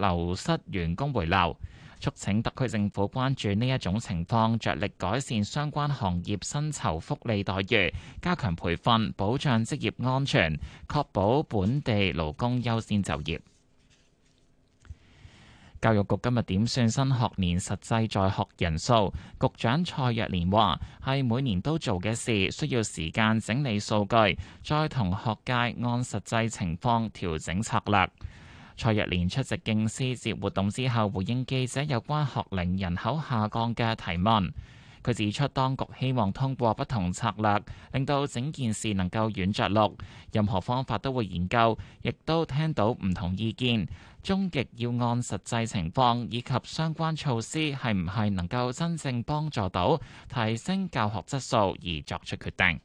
流失員工回流，促請特區政府關注呢一種情況，着力改善相關行業薪酬、福利待遇，加強培訓，保障職業安全，確保本地勞工優先就業。教育局今日點算新學年實際在學人數，局長蔡若蓮話：係每年都做嘅事，需要時間整理數據，再同學界按實際情況調整策略。蔡若蓮出席敬師節活動之後，回應記者有關學齡人口下降嘅提問，佢指出當局希望通過不同策略，令到整件事能夠軟着陸，任何方法都會研究，亦都聽到唔同意見，終極要按實際情況以及相關措施係唔係能夠真正幫助到提升教學質素而作出決定。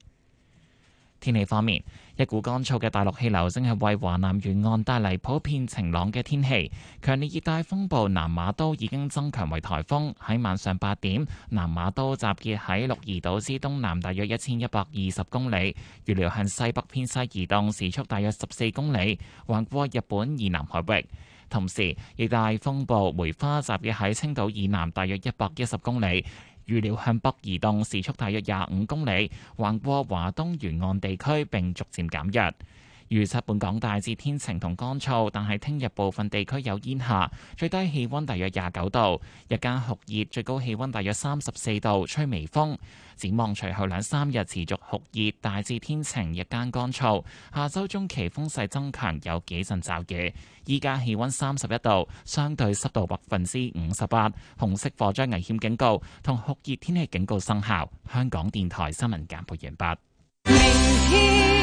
天氣方面。一股乾燥嘅大陸氣流正係為華南沿岸帶嚟普遍晴朗嘅天氣。強烈熱帶風暴南馬都已經增強為颱風，喺晚上八點，南馬都集結喺鹿兒島之東南，大約一千一百二十公里，預料向西北偏西移動，時速大約十四公里，橫過日本以南海域。同時，熱帶風暴梅花集結喺青島以南大約一百一十公里，預料向北移動，時速大約廿五公里，橫過華東沿岸地區並逐漸減弱。預測本港大致天晴同乾燥，但係聽日部分地區有煙霞，最低氣溫大約廿九度，日間酷熱，最高氣溫大約三十四度，吹微風。展望隨後兩三日持續酷熱，大致天晴，日間乾燥。下周中期風勢增強，有幾陣驟雨。依家氣溫三十一度，相對濕度百分之五十八，紅色火災危險警告同酷熱天氣警告生效。香港電台新聞簡報完畢。明天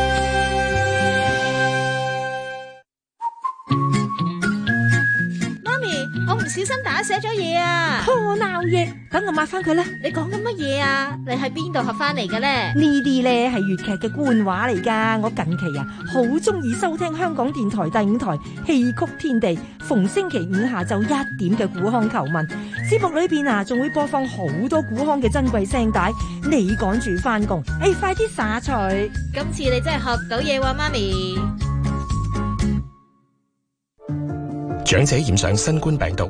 小心打寫咗嘢啊！好鬧夜，等我抹翻佢啦。你講緊乜嘢啊？你喺邊度學翻嚟嘅咧？呢啲咧係粵劇嘅官話嚟噶。我近期啊，好中意收聽香港電台第五台戲曲天地，逢星期五下晝一點嘅古康求問。節目裏邊啊，仲會播放好多古康嘅珍貴聲帶。你趕住翻工，誒，快啲撒除。今次你真係學到嘢喎，媽咪。長者染上新冠病毒。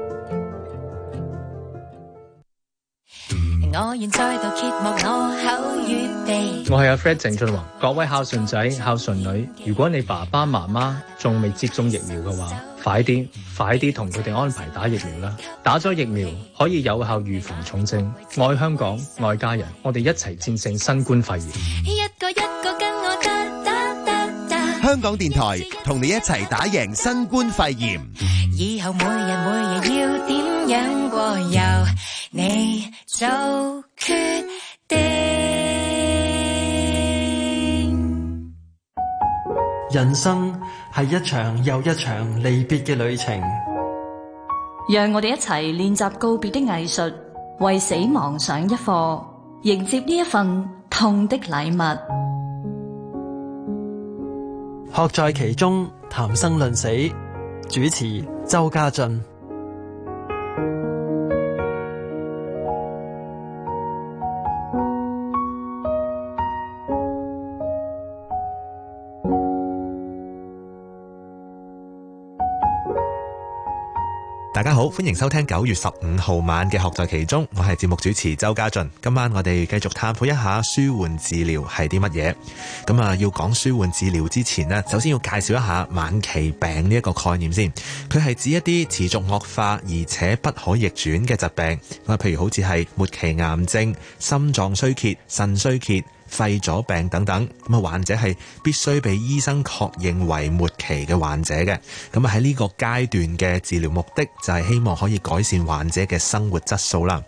我願再度揭幕。我我口月地，我係阿 Fred 鄭俊弘。各位孝順仔孝順女，如果你爸爸媽媽仲未接種疫苗嘅話，快啲快啲同佢哋安排打疫苗啦！打咗疫苗可以有效預防重症。愛香港，愛家人，我哋一齊戰勝新冠肺炎。一個一個跟我打打打打，香港電台同你一齊打贏新冠肺炎。呃，以後每日每日要點樣過悠？你就決定。人生係一場又一場離別嘅旅程，讓我哋一齊練習告別的藝術，為死亡上一課，迎接呢一份痛的禮物。學在其中，談生論死，主持周家俊。大家好，歡迎收聽九月十五號晚嘅學在其中，我係節目主持周家俊。今晚我哋繼續探討一下舒緩治療係啲乜嘢。咁啊，要講舒緩治療之前咧，首先要介紹一下晚期病呢一個概念先。佢係指一啲持續惡化而且不可逆轉嘅疾病。咁譬如好似係末期癌症、心臟衰竭、腎衰竭。肺咗病等等，咁啊患者係必須被醫生確認為末期嘅患者嘅，咁啊喺呢個階段嘅治療目的就係、是、希望可以改善患者嘅生活質素啦。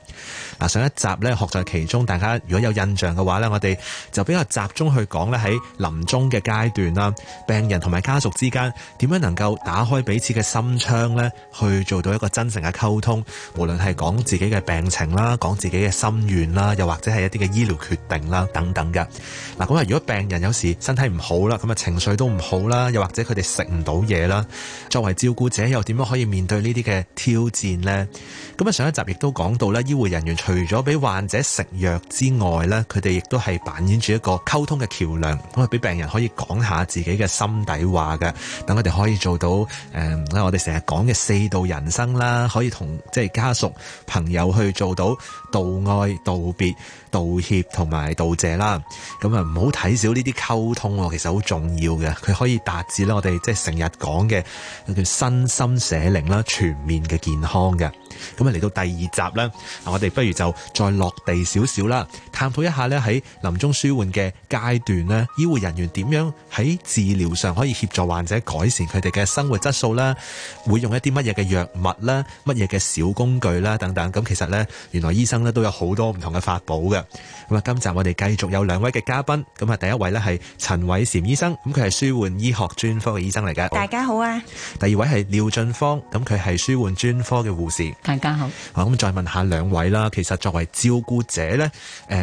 嗱，上一集咧學在其中，大家如果有印象嘅話咧，我哋就比較集中去講咧喺臨終嘅階段啦，病人同埋家屬之間點樣能夠打開彼此嘅心窗咧，去做到一個真誠嘅溝通，無論係講自己嘅病情啦，講自己嘅心願啦，又或者係一啲嘅醫療決定啦等等嘅。嗱，咁啊，如果病人有時身體唔好啦，咁啊情緒都唔好啦，又或者佢哋食唔到嘢啦，作為照顧者又點樣可以面對呢啲嘅挑戰呢？咁啊，上一集亦都講到咧，醫護人員除咗俾患者食藥之外咧，佢哋亦都係扮演住一個溝通嘅橋樑，咁啊俾病人可以講下自己嘅心底話嘅。等佢哋可以做到，誒、呃，我哋成日講嘅四道人生啦，可以同即係家屬、朋友去做到道愛、道別、道歉同埋道謝啦。咁啊，唔好睇少呢啲溝通，其實好重要嘅。佢可以達至咧我哋即係成日講嘅，叫身心社靈啦，全面嘅健康嘅。咁啊，嚟到第二集啦，嗱，我哋不如就再落地少少啦。探討一下咧，喺臨終舒緩嘅階段咧，醫護人員點樣喺治療上可以協助患者改善佢哋嘅生活質素啦？會用一啲乜嘢嘅藥物啦、乜嘢嘅小工具啦？等等。咁其實呢，原來醫生咧都有好多唔同嘅法寶嘅。咁啊，今集我哋繼續有兩位嘅嘉賓。咁啊，第一位呢係陳煒嬋醫生，咁佢係舒緩醫學專科嘅醫生嚟嘅。大家好啊！第二位係廖進芳，咁佢係舒緩專科嘅護士。大家好。啊，咁再問下兩位啦。其實作為照顧者呢。誒。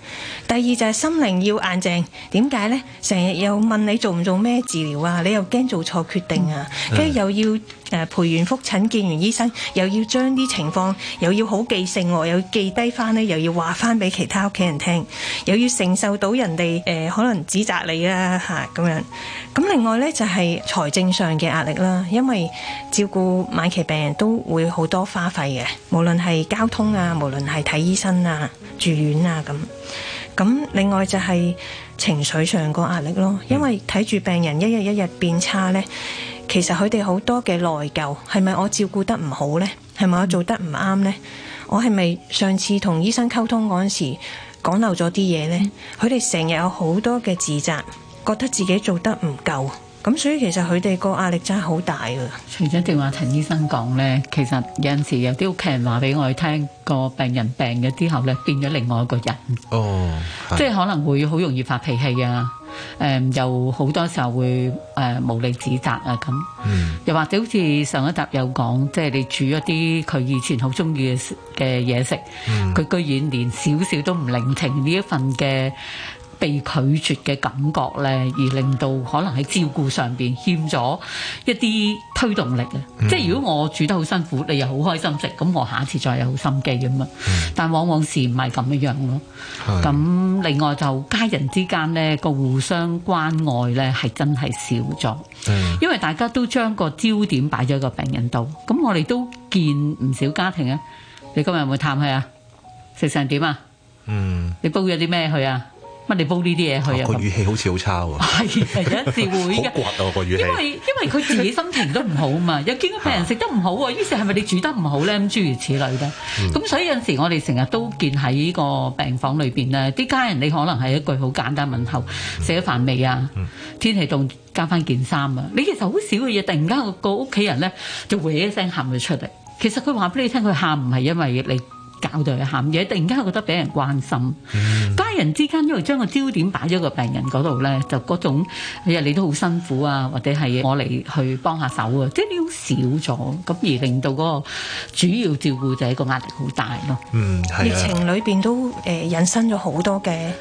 第二就係心靈要硬靜，點解呢？成日又問你做唔做咩治療啊？你又驚做錯決定啊？跟住、嗯、又要誒陪完覆診、見完醫生，又要將啲情況又要好記性喎，又記低翻呢，又要話翻俾其他屋企人聽，又要承受到人哋誒、呃、可能指責你啊。嚇咁樣。咁另外呢，就係、是、財政上嘅壓力啦，因為照顧晚期病人都會好多花費嘅，無論係交通啊，無論係睇醫生啊、住院啊咁。咁另外就係情緒上個壓力咯，因為睇住病人一日一日變差呢，其實佢哋好多嘅內疚，係咪我照顧得唔好呢？係咪我做得唔啱呢？我係咪上次同醫生溝通嗰陣時講漏咗啲嘢呢？佢哋成日有好多嘅自責，覺得自己做得唔夠。咁所以其實佢哋個壓力真係好大啊！除咗電話，陳醫生講呢，其實有陣時有啲屋企人話俾我哋聽，個病人病咗之後呢，變咗另外一個人。哦，oh, right. 即係可能會好容易發脾氣啊！誒，又好多時候會誒無理指責啊咁。Mm. 又或者好似上一集有講，即係你煮一啲佢以前好中意嘅嘢食，佢、mm. 居然連少少都唔聆聽呢一份嘅。被拒絕嘅感覺呢，而令到可能喺照顧上邊欠咗一啲推動力啊！即係如果我煮得好辛苦，你又好開心食，咁我下一次再有好心機咁啊！但係往往事唔係咁樣咯。咁另外就家人之間呢個互相關愛呢係真係少咗，因為大家都將個焦點擺咗個病人度。咁我哋都見唔少家庭啊！你今日有冇探佢啊？食成點啊？嗯，你煲咗啲咩去啊？問你煲呢啲嘢去啊，個語氣好似好差喎。係係有時會。好倔啊個語氣。因為因為佢自己心情都唔好啊嘛，又見到病人食得唔好喎，於是係咪你煮得唔好咧？咁諸如此類咧。咁所以有陣時我哋成日都見喺個病房裏邊咧，啲家人你可能係一句好簡單問候，食咗飯未啊？天氣凍加返件衫啊！你其實好少嘅嘢，突然間個屋企人咧就嘩一聲喊咗出嚟。其實佢話俾你聽，佢喊唔係因為你。搞到佢喊嘢，突然間覺得俾人關心。嗯、家人之間因為將個焦點擺咗個病人嗰度咧，就嗰種日、哎、你都好辛苦啊，或者係我嚟去幫下手啊，即係呢少咗，咁而令到嗰個主要照顧者個壓力好大咯。嗯，啊、疫情裏邊都誒、呃、引申咗好多嘅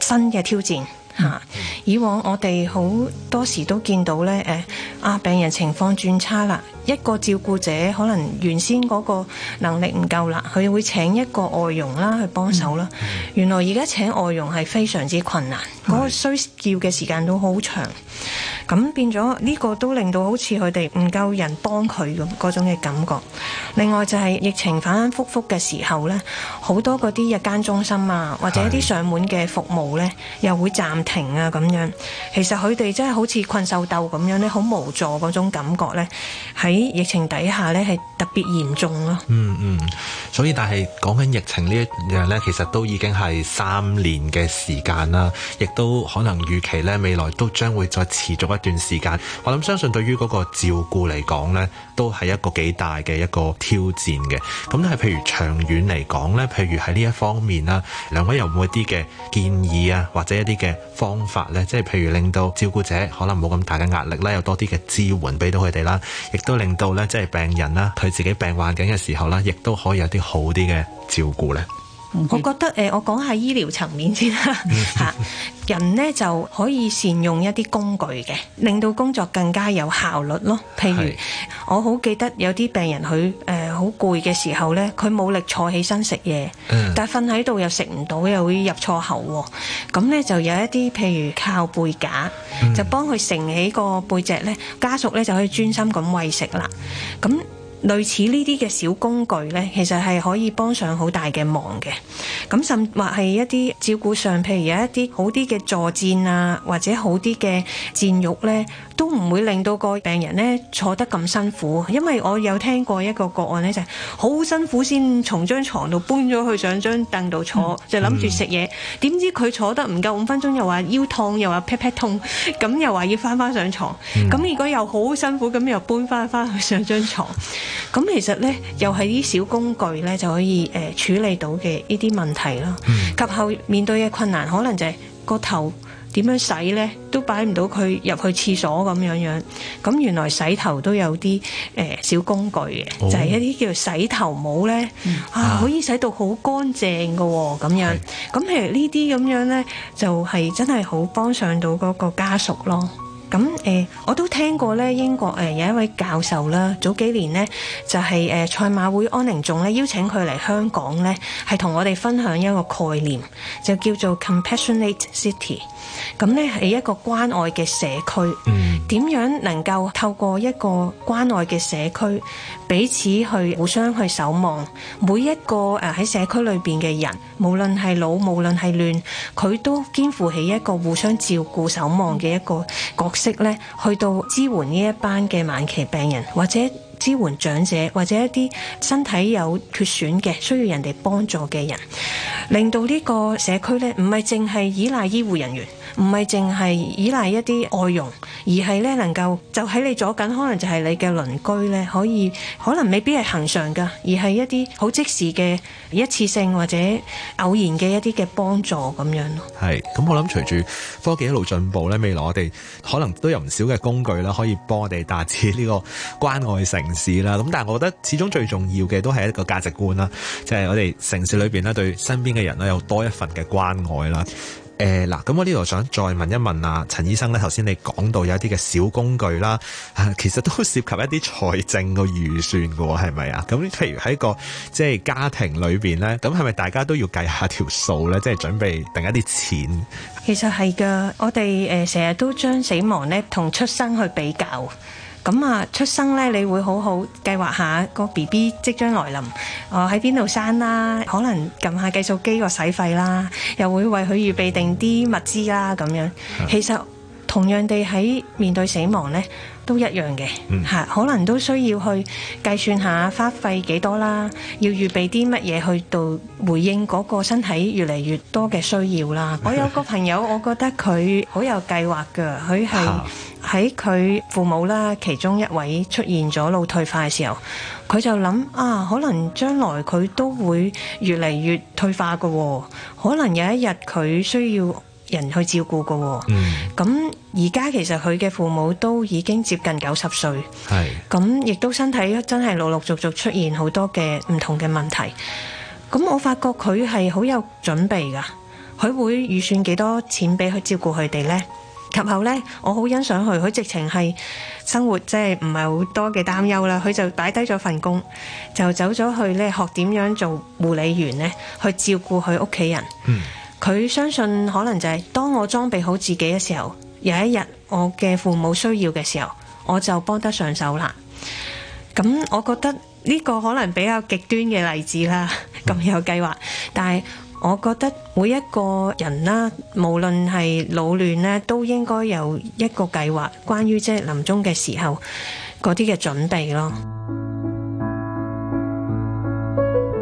新嘅挑戰。嚇、啊！以往我哋好多時都見到咧，誒啊病人情況轉差啦，一個照顧者可能原先嗰個能力唔夠啦，佢會請一個外傭啦去幫手啦。原來而家請外傭係非常之困難，嗰個需要嘅時間都好長，咁變咗呢個都令到好似佢哋唔夠人幫佢咁嗰種嘅感覺。另外就係疫情反反覆覆嘅時候咧。好多嗰啲日間中心啊，或者一啲上門嘅服務呢，又會暫停啊咁樣。其實佢哋真係好似困獸鬥咁樣呢，好無助嗰種感覺呢。喺疫情底下呢，係特別嚴重咯，啊。嗯嗯，所以但係講緊疫情呢一樣呢，其實都已經係三年嘅時間啦，亦都可能預期呢，未來都將會再持續一段時間。我諗相信對於嗰個照顧嚟講呢。都係一個幾大嘅一個挑戰嘅，咁咧係譬如長遠嚟講呢，譬如喺呢一方面啦，兩位有冇一啲嘅建議啊，或者一啲嘅方法呢？即係譬如令到照顧者可能冇咁大嘅壓力啦，有多啲嘅支援俾到佢哋啦，亦都令到呢，即係病人啦，佢自己病患緊嘅時候啦，亦都可以有啲好啲嘅照顧呢。Okay. 我覺得誒、呃，我講下醫療層面先啦嚇。 人咧就可以善用一啲工具嘅，令到工作更加有效率咯。譬如 我好記得有啲病人佢誒好攰嘅時候咧，佢冇力坐起身食嘢， 嗯、但瞓喺度又食唔到，又會入錯喉喎。咁咧就有一啲譬如靠背架，就幫佢承起個背脊咧，家屬咧就可以專心咁餵食啦。咁。類似呢啲嘅小工具呢，其實係可以幫上好大嘅忙嘅。咁甚或係一啲照顧上，譬如有一啲好啲嘅坐墊啊，或者好啲嘅墊褥呢。都唔會令到個病人咧坐得咁辛苦，因為我有聽過一個個案咧，就係、是、好辛苦先從張床度搬咗去上張凳度坐，嗯、就諗住食嘢。點知佢坐得唔夠五分鐘，又話腰痛，又話劈劈痛，咁又話要翻翻上床。咁、嗯、如果又好辛苦，咁又搬翻翻去上張床。咁其實咧，又係啲小工具咧就可以誒處理到嘅呢啲問題咯。嗯、及後面對嘅困難，可能就係個頭。點樣洗呢？都擺唔到佢入去廁所咁樣樣。咁原來洗頭都有啲誒、呃、小工具嘅，oh。就係一啲叫洗頭帽呢，mm。啊可以洗到好乾淨嘅喎、哦，咁樣。咁譬 Yes. 如呢啲咁樣呢，就係、是、真係好幫上到嗰個家屬咯。咁誒、呃、我都聽過咧，英國誒有一位教授啦，早幾年咧就係誒賽馬會安寧仲咧邀請佢嚟香港咧，係同我哋分享一個概念，就叫做 compassionate city，咁咧係一個關愛嘅社區。點樣能夠透過一個關愛嘅社區彼此去互相去守望，每一個誒喺社區裏邊嘅人，無論係老無論係亂佢都肩負起一個互相照顧守望嘅一個角色。識咧，去到支援呢一班嘅晚期病人，或者支援長者，或者一啲身體有缺損嘅需要人哋幫助嘅人，令到呢個社區咧，唔係淨係依賴醫護人員。唔係淨係依賴一啲外傭，而係咧能夠就喺你左緊，可能就係你嘅鄰居咧，可以可能未必係恒常噶，而係一啲好即時嘅一次性或者偶然嘅一啲嘅幫助咁樣咯。係咁，我諗隨住科技一路進步咧，未來我哋可能都有唔少嘅工具啦，可以幫我哋達至呢個關愛城市啦。咁但係我覺得始終最重要嘅都係一個價值觀啦，就係、是、我哋城市裏邊咧對身邊嘅人咧有多一份嘅關愛啦。誒嗱，咁、呃、我呢度想再問一問啊，陳醫生咧，頭先你講到有啲嘅小工具啦、啊，其實都涉及一啲財政嘅預算嘅喎、哦，係咪啊？咁譬如喺個即係家庭裏邊咧，咁係咪大家都要計下條數咧？即係準備定一啲錢？其實係噶，我哋誒成日都將死亡咧同出生去比較。咁啊，出生咧，你會好好計劃下個 BB 即將來臨，哦喺邊度生啦，可能撳下計數機個使費啦，又會為佢預備定啲物資啦，咁樣。其實同樣地喺面對死亡咧。都一樣嘅，嚇，嗯、可能都需要去計算下花費幾多啦，要預備啲乜嘢去到回應嗰個身體越嚟越多嘅需要啦。 我有個朋友，我覺得佢好有計劃㗎，佢係喺佢父母啦，其中一位出現咗腦退化嘅時候，佢就諗啊，可能將來佢都會越嚟越退化㗎喎、哦，可能有一日佢需要。人去照顧嘅喎、哦，咁而家其實佢嘅父母都已經接近九十歲，咁亦係都身體真係陸陸續續出現好多嘅唔同嘅問題。咁我發覺佢係好有準備噶，佢會預算幾多錢俾佢照顧佢哋呢？及後呢，我好欣賞佢，佢直情係生活即係唔係好多嘅擔憂啦，佢就擺低咗份工，就走咗去咧學點樣做護理員呢，去照顧佢屋企人。嗯佢相信可能就係當我裝備好自己嘅時候，有一日我嘅父母需要嘅時候，我就幫得上手啦。咁我覺得呢個可能比較極端嘅例子啦，咁有計劃，但係我覺得每一個人啦，無論係老嫩咧，都應該有一個計劃，關於即係臨終嘅時候嗰啲嘅準備咯。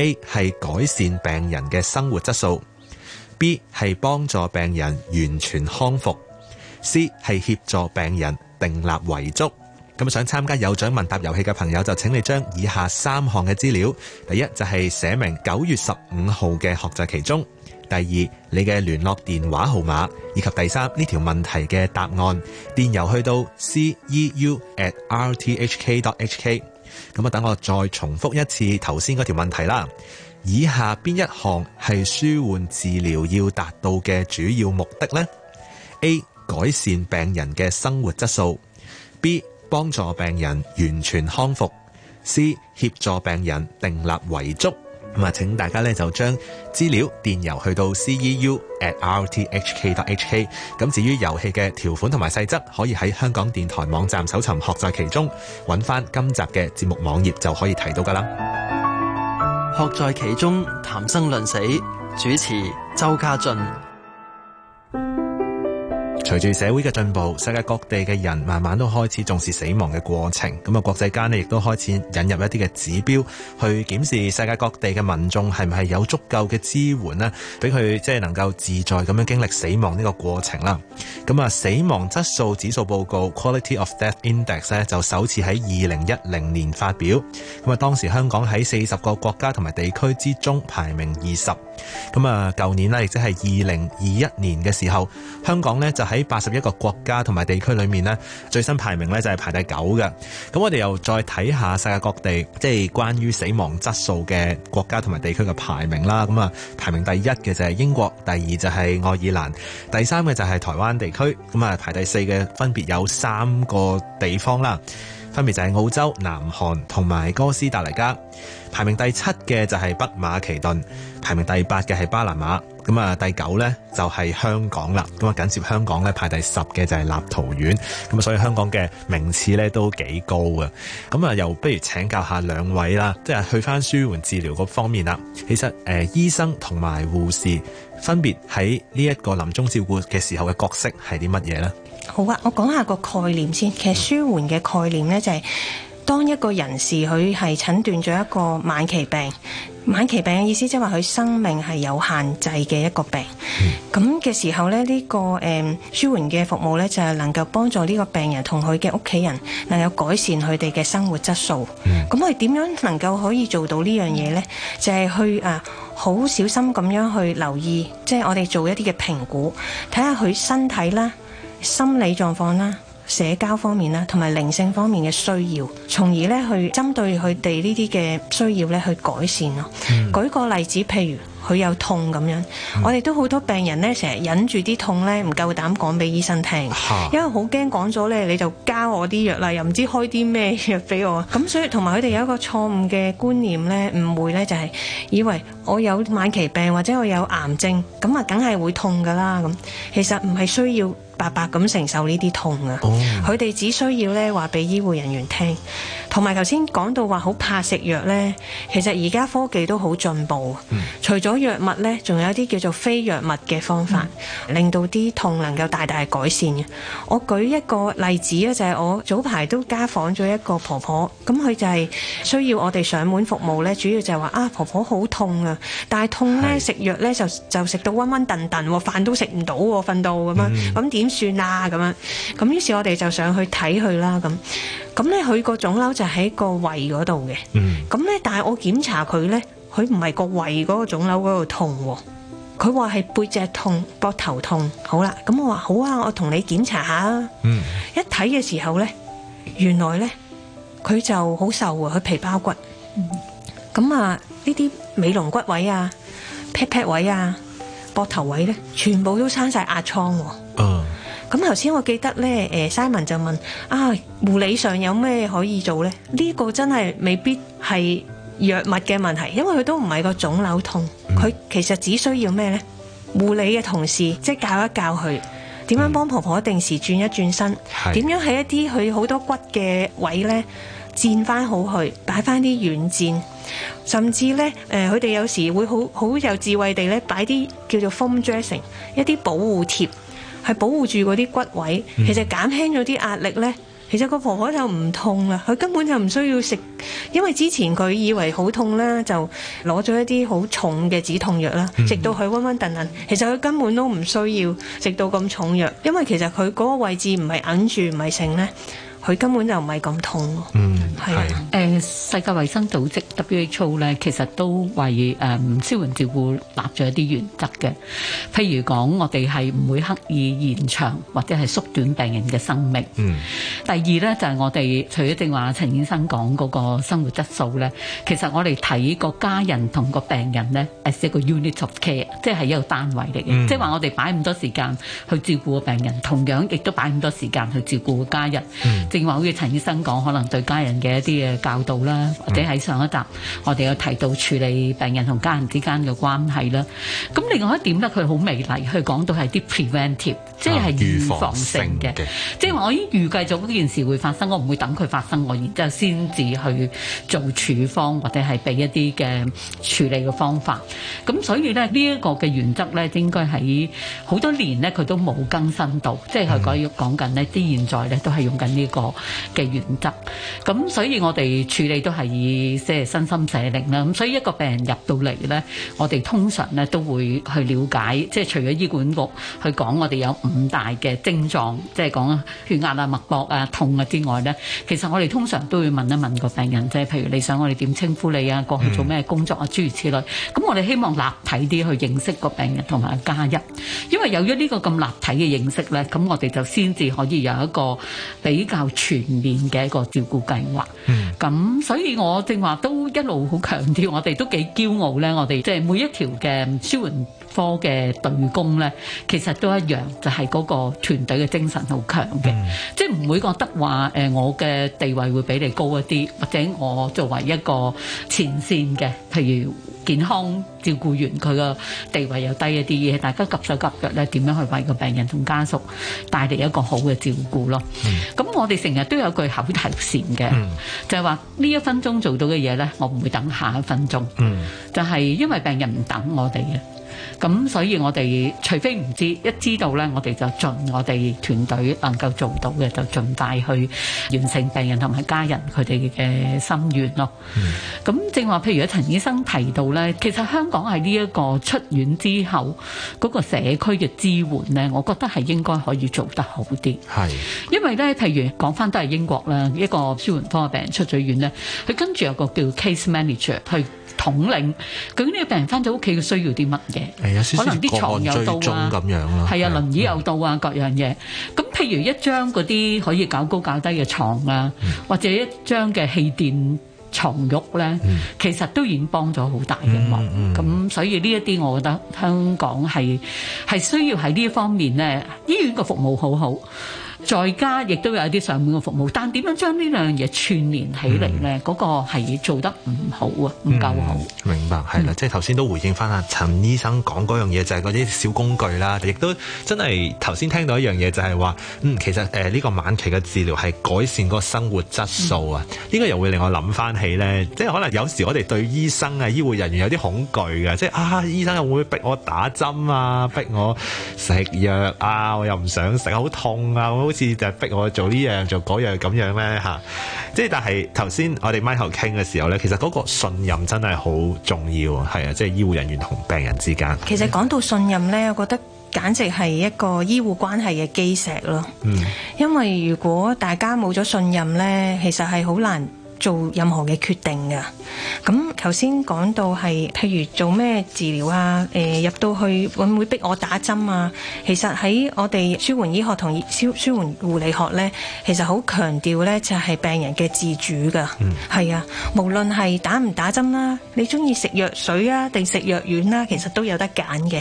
A 係改善病人嘅生活質素，B 係幫助病人完全康復，C 係協助病人訂立遺囑。咁想參加有獎問答遊戲嘅朋友，就請你將以下三項嘅資料：第一就係，寫明九月十五號嘅學在其中；第二你嘅聯絡電話號碼；以及第三呢條問題嘅答案。電郵去到 ceu@rthk.hk 咁啊，等我再重複一次頭先嗰條問題啦。以下邊一項係舒緩治療要達到嘅主要目的呢？A. 改善病人嘅生活質素；B. 幫助病人完全康復；C. 協助病人訂立遺囑。咁啊！請大家咧就將資料電郵去到 ceu@rthk.hk。咁至於遊戲嘅條款同埋細則，可以喺香港電台網站搜尋《學在其中》，揾翻今集嘅節目網頁就可以睇到噶啦。《學在其中》談生論死，主持周家俊。隨住社會嘅進步，世界各地嘅人慢慢都開始重視死亡嘅過程。咁啊，國際間咧亦都開始引入一啲嘅指標去檢視世界各地嘅民眾係唔係有足夠嘅支援咧，俾佢即係能夠自在咁樣經歷死亡呢個過程啦。咁啊，死亡質素指數、指數報告 （Quality of Death Index） 咧就首次喺二零一零年發表。咁啊，當時香港喺四十個國家同埋地區之中排名二十。咁啊，舊年啦，亦即係二零二一年嘅時候，香港咧就是。喺八十一個國家同埋地區裏面咧，最新排名咧就係排第九嘅。咁我哋又再睇下世界各地即係關於死亡質素嘅國家同埋地區嘅排名啦。咁啊，排名第一嘅就係英國，第二就係愛爾蘭，第三嘅就係台灣地區。咁啊，排第四嘅分別有三個地方啦，分別就係澳洲、南韓同埋哥斯達黎加。排名第七嘅就係北馬其頓，排名第八嘅係巴拿馬。咁啊，第九呢就係香港啦。咁啊，緊接香港呢，排第十嘅就係立陶宛。咁啊，所以香港嘅名次呢都幾高嘅。咁啊，又不如請教下兩位啦，即係去返舒緩治療嗰方面啦。其實誒、呃，醫生同埋護士分別喺呢一個臨終照顧嘅時候嘅角色係啲乜嘢呢？好啊，我講下個概念先。其實舒緩嘅概念呢、就係，嗯，當一個人士佢係診斷咗一個晚期病。晚期病嘅意思即係話佢生命係有限制嘅一個病，咁嘅、嗯、時候咧呢、這個誒、呃、舒緩嘅服務咧就係能夠幫助呢個病人同佢嘅屋企人能夠改善佢哋嘅生活質素。咁我哋點樣能夠可以做到呢樣嘢咧？就係去啊好小心咁樣去留意，即、就、係、是、我哋做一啲嘅評估，睇下佢身體啦、心理狀況啦。社交方面啦，同埋靈性方面嘅需要，從而咧去針對佢哋呢啲嘅需要咧去改善咯。嗯、舉個例子，譬如佢有痛咁樣，嗯、我哋都好多病人咧成日忍住啲痛咧，唔夠膽講俾醫生聽，啊、因為好驚講咗咧你就加我啲藥啦，又唔知開啲咩藥俾我。咁所以同埋佢哋有一個錯誤嘅觀念咧，誤會咧就係、是、以為我有晚期病或者我有癌症，咁啊梗係會痛噶啦咁。其實唔係需要。白白咁承受呢啲痛啊！佢哋、oh. 只需要咧話俾醫護人員聽。同埋頭先講到話好怕食藥呢。其實而家科技都好進步。嗯、除咗藥物呢，仲有啲叫做非藥物嘅方法，嗯、令到啲痛能夠大大改善。我舉一個例子咧，就係、是、我早排都家訪咗一個婆婆，咁佢就係需要我哋上門服務呢，主要就係話啊婆婆好痛啊，但係痛呢，食是藥呢就就食到昏昏頓頓喎，飯都食唔到喎，瞓到咁樣，咁點算啊？咁樣咁於是，我哋就上去睇佢啦咁。咁咧，佢個腫瘤就喺個胃嗰度嘅。咁咧，但係我檢查佢咧，佢唔係個胃嗰個腫瘤嗰度痛，佢話係背脊痛、膊頭痛。好啦，咁我話好啊，我同你檢查下啊。嗯、一睇嘅時候咧，原來咧佢就好瘦啊，佢皮包骨。咁、嗯、啊，呢啲尾龍骨位啊、劈劈位啊、膊頭位咧，全部都生晒壓瘡。嗯。咁頭先我記得咧，誒、欸、Simon 就問啊護理上有咩可以做咧？呢、這個真係未必係藥物嘅問題，因為佢都唔係個腫瘤痛，佢、嗯、其實只需要咩咧？護理嘅同事即係教一教佢點樣幫婆婆定時轉一轉身，點、嗯、樣喺一啲佢好多骨嘅位咧墊翻好佢，擺翻啲軟墊，甚至咧誒佢哋有時會好好有智慧地咧擺啲叫做 foam dressing 一啲保護貼。係保護住嗰啲骨位，其實減輕咗啲壓力呢。其實個婆婆就唔痛啦，佢根本就唔需要食，因為之前佢以為好痛啦，就攞咗一啲好重嘅止痛藥啦。直 到佢暈暈頓頓，其實佢根本都唔需要食到咁重藥，因為其實佢嗰個位置唔係揞住唔係成呢。佢根本就唔係咁痛。嗯，係啊是、呃，世界衞生組織 WHO 咧，其實都為誒紓緩照顧立咗一啲原則嘅，譬如講我哋係唔會刻意延長或者係縮短病人嘅生命，嗯，第二咧就係、是、我哋，除咗正話陳醫生講嗰個生活質素咧，其實我哋睇個家人同個病人咧，誒即係個 unit of care，即係一個單位嚟嘅，嗯、即係話我哋擺咁多時間去照顧個病人，同樣亦都擺咁多時間去照顧個家人。嗯正話好似陳醫生講，可能對家人嘅一啲嘅教導啦，或者喺上一集我哋有提到處理病人同家人之間嘅關係啦。咁另外一點咧，佢好美麗，去講到係啲 preventive，即係預防性嘅。即係話我已經預計咗嗰件事會發生，我唔會等佢發生，我然之後先至去做處方或者係俾一啲嘅處理嘅方法。咁所以咧呢一個嘅原則咧，應該喺好多年咧佢都冇更新到，即係佢講講緊咧，啲、嗯、現在咧都係用緊呢個。嘅原則，咁所以我哋處理都係以即係身心社靈啦。咁所以一個病人入到嚟呢，我哋通常呢都會去了解，即係除咗醫管局去講，我哋有五大嘅症狀，即係講血壓啊、脈搏啊、痛啊之外呢，其實我哋通常都會問一問個病人，即係譬如你想我哋點稱呼你啊，過去做咩工作啊諸如此類。咁我哋希望立體啲去認識個病人，同埋加一，因為有咗呢個咁立體嘅認識呢，咁我哋就先至可以有一個比較全面嘅一個照顧計劃，咁、嗯、所以我正話都一路好強調，我哋都幾驕傲咧。我哋即係每一條嘅紓緩科嘅隊工咧，其實都一樣，就係、是、嗰個團隊嘅精神好強嘅，嗯、即係唔會覺得話誒、呃、我嘅地位會比你高一啲，或者我作為一個前線嘅譬如。健康照顧員佢個地位又低一啲嘢，大家急手急腳咧，點樣去為個病人同家屬帶嚟一個好嘅照顧咯。咁、嗯、我哋成日都有句口頭禪嘅，嗯、就係話呢一分鐘做到嘅嘢呢，我唔會等下一分鐘。嗯、就係因為病人唔等我哋嘅。咁所以我哋除非唔知，一知道呢，我哋就盡我哋團隊能夠做到嘅，就盡快去完成病人同埋家人佢哋嘅心願咯。咁、mm. 正話，譬如阿陳醫生提到呢，其實香港喺呢一個出院之後嗰、那個社區嘅支援呢，我覺得係應該可以做得好啲。係，mm. 因為呢，譬如講翻都係英國啦，一個紓緩科嘅病人出咗院呢，佢跟住有個叫 case manager 去。統領，究竟呢個病人翻咗屋企，佢需要啲乜嘢？係、哎、有少少個案追蹤咁樣咯。係啊，輪椅有到啊，各樣嘢。咁譬如一張嗰啲可以搞高搞低嘅床啊，嗯、或者一張嘅氣墊床褥咧，嗯、其實都已經幫咗好大嘅忙。咁、嗯嗯、所以呢一啲，我覺得香港係係需要喺呢一方面咧，醫院嘅服務好好。在家亦都有一啲上門嘅服務，但點樣將呢兩樣嘢串聯起嚟咧？嗰、嗯、個係做得唔好啊，唔夠好。嗯、好明白係啦，即係頭先都回應翻阿陳醫生講嗰樣嘢就係嗰啲小工具啦，亦都真係頭先聽到一樣嘢就係話嗯，其實誒呢、呃這個晚期嘅治療係改善個生活質素啊，嗯、應該又會令我諗翻起咧，即係可能有時我哋對醫生啊、醫護人員有啲恐懼嘅，即係啊，醫生又會逼我打針啊，逼我食藥啊，我又唔想食，好痛啊，好似就係逼我做呢樣做嗰樣咁樣咧吓，即係但係頭先我哋 Michael 傾嘅時候咧，其實嗰個信任真係好重要啊，係啊，即係醫護人員同病人之間。其實講到信任咧，我覺得簡直係一個醫護關係嘅基石咯。嗯，因為如果大家冇咗信任咧，其實係好難，做任何嘅決定嘅，咁頭先講到係譬如做咩治療啊？誒入到去會唔會逼我打針啊？其實喺我哋舒緩醫學同舒舒緩護理學咧，其實好強調咧就係病人嘅自主噶，係啊，無論係打唔打針啦，你中意食藥水啊定食藥丸啦，其實都有得揀嘅。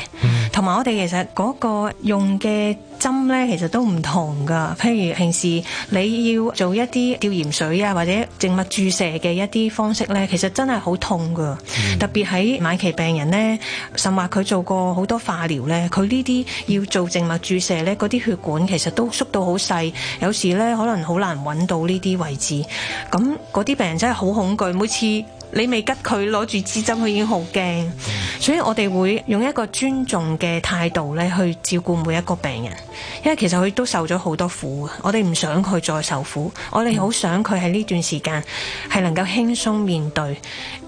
同埋我哋其實嗰個用嘅針咧，其實都唔同噶。譬如平時你要做一啲吊鹽水啊，或者植物注射嘅一啲方式呢，其實真係好痛㗎，嗯、特別喺晚期病人呢，甚或佢做過好多化療呢，佢呢啲要做靜脈注射呢，嗰啲血管其實都縮到好細，有時呢可能好難揾到呢啲位置，咁嗰啲病人真係好恐懼每次。你未拮佢攞住支針，佢已經好驚，所以我哋會用一個尊重嘅態度咧去照顧每一個病人，因為其實佢都受咗好多苦，我哋唔想佢再受苦，我哋好想佢喺呢段時間係能夠輕鬆面對，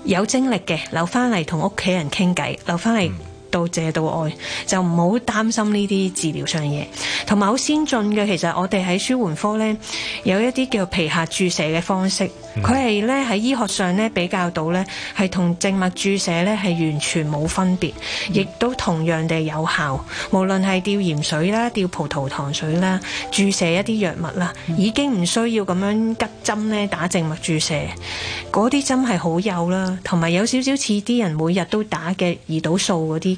有精力嘅留翻嚟同屋企人傾偈，留翻嚟。道謝道愛就唔好擔心呢啲治療上嘢，同埋好先進嘅。其實我哋喺舒緩科咧有一啲叫皮下注射嘅方式，佢係咧喺醫學上咧比較到咧係同靜脈注射咧係完全冇分別，嗯、亦都同樣地有效。無論係吊鹽水啦、吊葡萄糖水啦、注射一啲藥物啦，嗯、已經唔需要咁樣拮針咧打靜脈注射，嗰啲針係好幼啦，同埋有，有少少似啲人每日都打嘅胰島素嗰啲。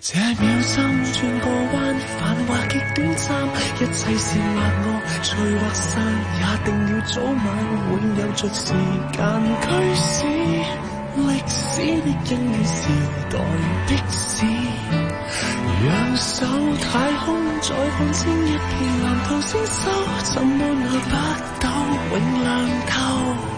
這秒針轉個彎，繁華極短暫，一切是惡惡，聚或散也定了，早晚會有着時間驅使，歷史的因與時代的史，仰首太空再看清一片藍圖星宿，怎麼拿不到永亮透？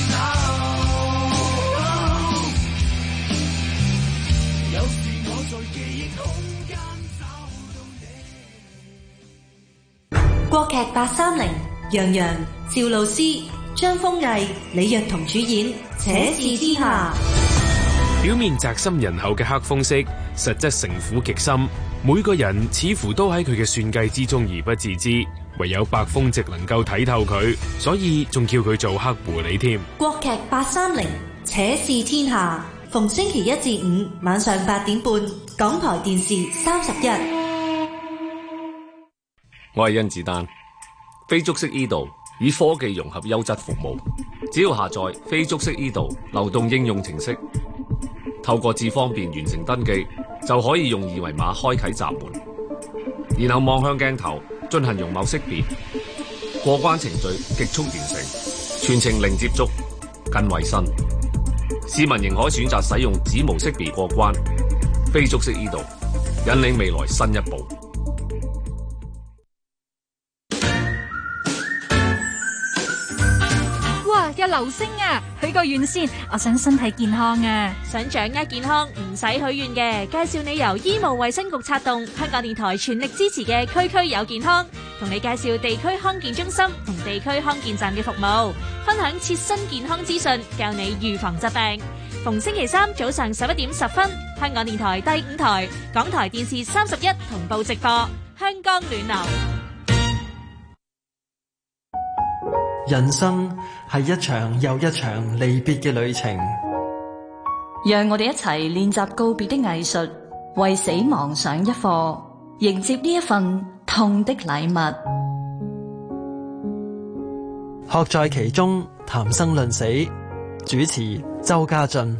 劇八三零，楊洋、趙露思、張豐毅、李若彤主演《且試天下》。表面宅心仁厚嘅黑風息，實質城府極深。每個人似乎都喺佢嘅算計之中而不自知，唯有白風夕能夠睇透佢，所以仲叫佢做黑狐狸添。國劇八三零《且試天下》，逢星期一至五晚上八點半，港台電視三十一。我係甄子丹。非足式依度以科技融合優質服務，只要下載非足式依度流動應用程式，透過智方便完成登記，就可以用二維碼開啟閘門，然後望向鏡頭進行容貌識別，過關程序極速完成，全程零接觸、更衛生。市民仍可選擇使用指模識別過關。非足式依度引領未來新一步。嘅流星啊，許個願先，我想身體健康啊，想掌握健康，唔使許願嘅，介紹你由醫務衛生局策動，香港電台全力支持嘅區區有健康，同你介紹地區康健中心同地區康健站嘅服務，分享切身健康資訊，教你預防疾病。逢星期三早上十一點十分，香港電台第五台、港台電視三十一同步直播，香江暖流。人生係一場又一場離別嘅旅程，讓我哋一齊練習告別的藝術，為死亡上一課，迎接呢一份痛的禮物。學在其中，談生論死，主持周家俊。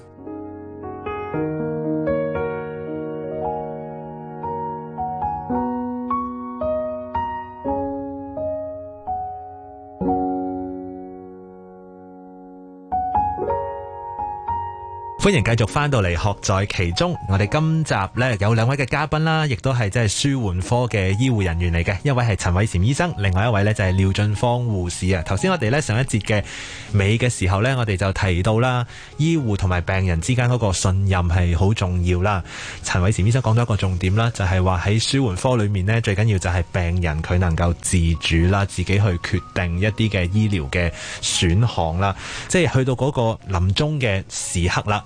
歡迎繼續返到嚟學在其中，我哋今集呢有兩位嘅嘉賓啦，亦都係即係舒緩科嘅醫護人員嚟嘅，一位係陳煒嬋醫生，另外一位呢就係、是、廖進芳護士啊。頭先我哋呢，上一節嘅尾嘅時候呢，我哋就提到啦，醫護同埋病人之間嗰個信任係好重要啦。陳煒嬋醫生講咗一個重點啦，就係話喺舒緩科裏面呢，最緊要就係病人佢能夠自主啦，自己去決定一啲嘅醫療嘅選項啦，即係去到嗰個臨終嘅時刻啦。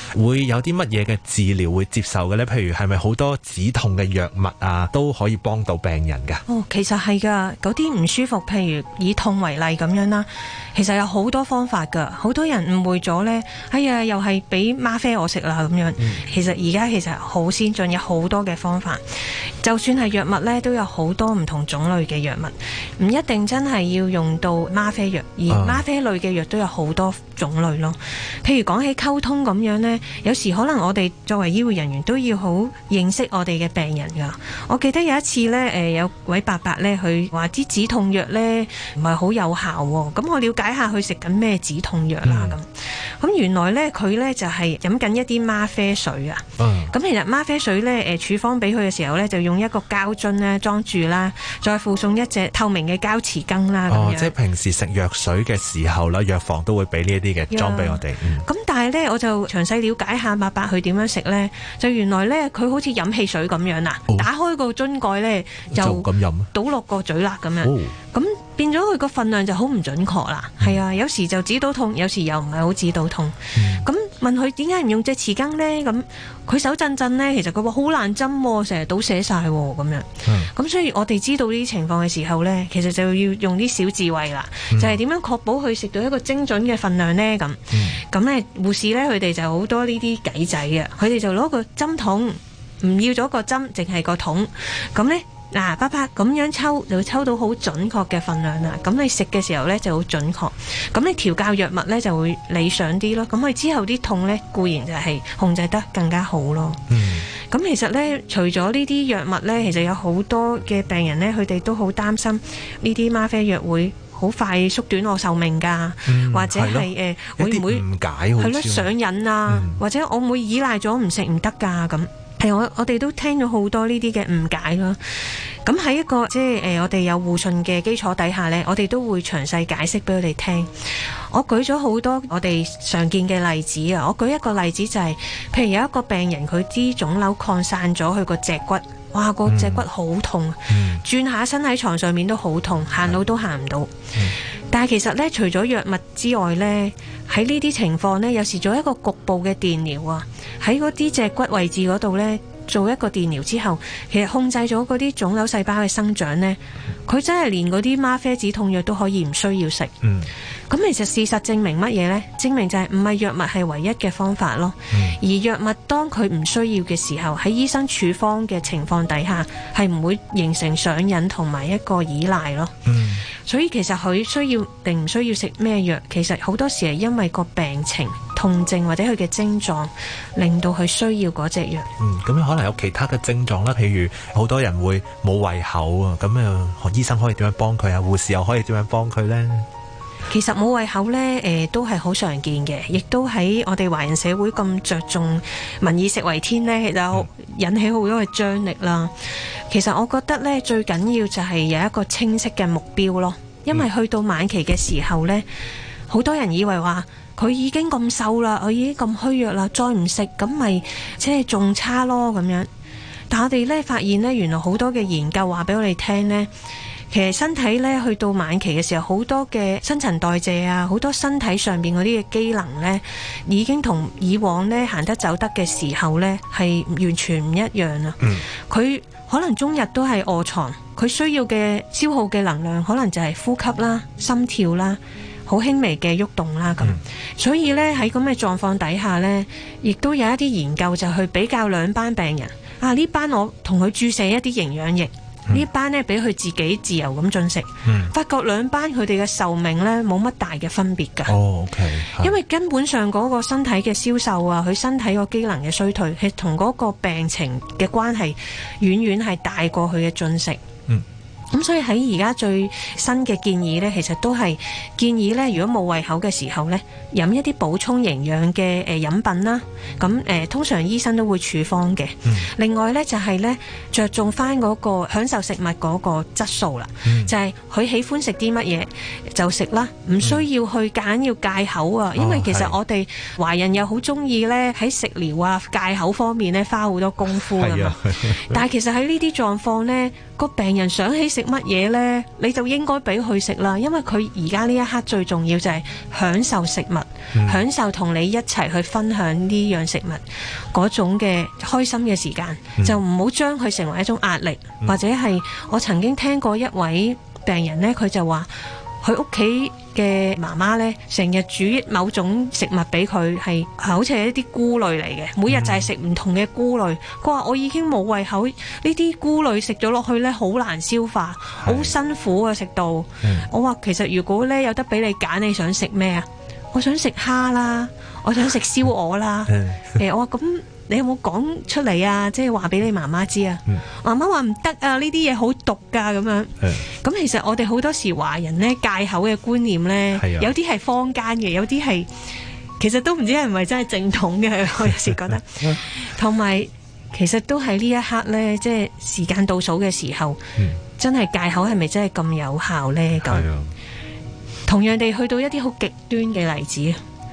會有啲乜嘢嘅治療會接受嘅呢？譬如係咪好多止痛嘅藥物啊，都可以幫到病人噶？哦，其實係噶，嗰啲唔舒服，譬如以痛為例咁樣啦，其實有好多方法噶。好多人誤會咗呢，哎呀，又係俾嗎啡我食啦咁樣。嗯、其實而家其實好先進，有好多嘅方法。就算係藥物呢都有好多唔同種類嘅藥物，唔一定真係要用到嗎啡藥，而嗎啡類嘅藥都有好多種類咯。嗯、譬如講起溝通咁樣呢。有時可能我哋作為醫護人員都要好認識我哋嘅病人噶。我記得有一次呢，誒有位伯伯呢，佢話啲止痛藥呢唔係好有效，咁我了解下佢食緊咩止痛藥啦。咁咁原來呢，佢呢就係飲緊一啲嗎啡水啊。咁其實嗎啡水呢，誒處方俾佢嘅時候呢，就用一個膠樽咧裝住啦，再附送一隻透明嘅膠匙羹啦咁樣。哦，即係平時食藥水嘅時候啦，藥房都會俾呢一啲嘅裝俾我哋。嗯嗯。但係咧，我就詳細了解下伯伯佢點樣食咧。就原來咧，佢好似飲汽水咁樣啦，oh. 打開個樽蓋咧，就咁飲？就倒落個嘴啦咁樣。Oh. 咁變咗佢個分量就好唔準確啦，係、嗯、啊，有時就止到痛，有時又唔係好止到痛。咁、嗯、問佢點解唔用隻匙羹呢？咁佢手震震呢，其實佢話好難針、啊，成日倒瀉曬咁、啊、樣。咁、嗯、所以我哋知道呢啲情況嘅時候呢，其實就要用啲小智慧啦，嗯、就係點樣確保佢食到一個精準嘅分量呢。咁咁、嗯、呢，護士呢，佢哋就好多呢啲計仔嘅，佢哋就攞個針筒，唔要咗個針，淨係個筒咁呢。嗱，爸爸咁樣抽就會抽到好準確嘅份量啦。咁你食嘅時候咧就好準確。咁你調教藥物咧就會理想啲咯。咁佢之後啲痛咧固然就係控制得更加好咯。嗯。咁其實咧，除咗呢啲藥物咧，其實有好多嘅病人咧，佢哋都好擔心呢啲嗎啡藥會好快縮短我壽命噶，或者係誒會唔會誤解，係咯上癮啊，或者我會依賴咗唔食唔得噶咁。係我我哋都聽咗好多呢啲嘅誤解啦，咁喺一個即係誒、呃、我哋有互信嘅基礎底下呢，我哋都會詳細解釋俾佢哋聽。我舉咗好多我哋常見嘅例子啊！我舉一個例子就係、是，譬如有一個病人佢啲腫瘤擴散咗佢個脊骨，哇個脊骨好痛，嗯、轉下身喺床上面都好痛，行路都行唔到。嗯、但係其實呢，除咗藥物之外呢。喺呢啲情況呢，有時做一個局部嘅電療啊，喺嗰啲脊骨位置嗰度呢，做一個電療之後，其實控制咗嗰啲腫瘤細胞嘅生長呢，佢真係連嗰啲嗎啡止痛藥都可以唔需要食。嗯。咁其實事實證明乜嘢呢？證明就係唔係藥物係唯一嘅方法咯。嗯、而藥物當佢唔需要嘅時候，喺醫生處方嘅情況底下，係唔會形成上癮同埋一個依賴咯。嗯、所以其實佢需要定唔需要食咩藥，其實好多時係因為個病情，痛症或者佢嘅症狀，令到佢需要嗰隻藥。嗯，咁可能有其他嘅症狀啦，譬如好多人會冇胃口啊，咁啊、呃，醫生可以點樣幫佢啊？護士又可以點樣幫佢呢？其實冇胃口呢，誒、呃，都係好常見嘅，亦都喺我哋華人社會咁着重民以食為天呢，就引起好多嘅張力啦。其實我覺得呢，最緊要就係有一個清晰嘅目標咯，因為去到晚期嘅時候呢，好多人以為話佢已經咁瘦啦，佢已經咁虛弱啦，再唔食咁咪即係仲差咯咁樣。但我哋呢，發現呢，原來好多嘅研究話俾我哋聽呢。其實身體咧去到晚期嘅時候，好多嘅新陳代謝啊、好多身體上邊嗰啲嘅機能呢，已經同以往咧行得走得嘅時候呢，係完全唔一樣啦。嗯、佢可能終日都係臥床，佢需要嘅消耗嘅能量，可能就係呼吸啦、心跳啦、好輕微嘅喐動啦咁。嗯、所以呢，喺咁嘅狀況底下呢，亦都有一啲研究就去比較兩班病人啊，呢班我同佢注射一啲營養液。班呢班咧俾佢自己自由咁進食， 發覺兩班佢哋嘅壽命咧冇乜大嘅分別噶。哦、oh, okay. 因為根本上嗰個身體嘅消瘦啊，佢 身體個機能嘅衰退，其實同嗰個病情嘅關係遠遠係大過佢嘅進食。咁、嗯、所以喺而家最新嘅建議呢，其實都係建議呢：如果冇胃口嘅時候呢，飲一啲補充營養嘅誒飲品啦。咁誒、呃，通常醫生都會處方嘅。嗯、另外呢，就係、是、呢，着重翻嗰個享受食物嗰個質素啦，嗯、就係佢喜歡食啲乜嘢就食啦，唔需要去揀要戒口啊。嗯、因為其實我哋華人又好中意呢，喺食療啊戒口方面呢，花好多功夫㗎嘛。嗯、但係其實喺呢啲狀況呢，個病人想起食乜嘢呢，你就應該俾佢食啦，因為佢而家呢一刻最重要就係享受食物，嗯、享受同你一齊去分享呢樣食物嗰種嘅開心嘅時間，嗯、就唔好將佢成為一種壓力，嗯、或者係我曾經聽過一位病人呢，佢就話。佢屋企嘅媽媽咧，成日煮某種食物俾佢，係好似係一啲菇類嚟嘅。每日就係食唔同嘅菇類。佢話：我已經冇胃口，呢啲菇類食咗落去咧，好難消化，好是辛苦啊！食到是。我話，其實如果咧，有得俾你揀，你想食咩啊？我想食蝦啦，我想食燒鵝啦。誒、 欸，我話咁。你有冇講出嚟，嗯，啊？即係話俾你媽媽知啊？媽媽話唔得啊！呢啲嘢好毒噶咁樣。咁的其實我哋好多時華人呢，戒口嘅觀念呢，的有啲係坊間嘅，有啲係其實都唔知係唔係真係正統嘅。的我有時覺得，同埋的其實都喺呢一刻呢，即係時間倒數嘅時候，的真係戒口係咪真係咁有效呢？咁的同樣地去到一啲好極端嘅例子。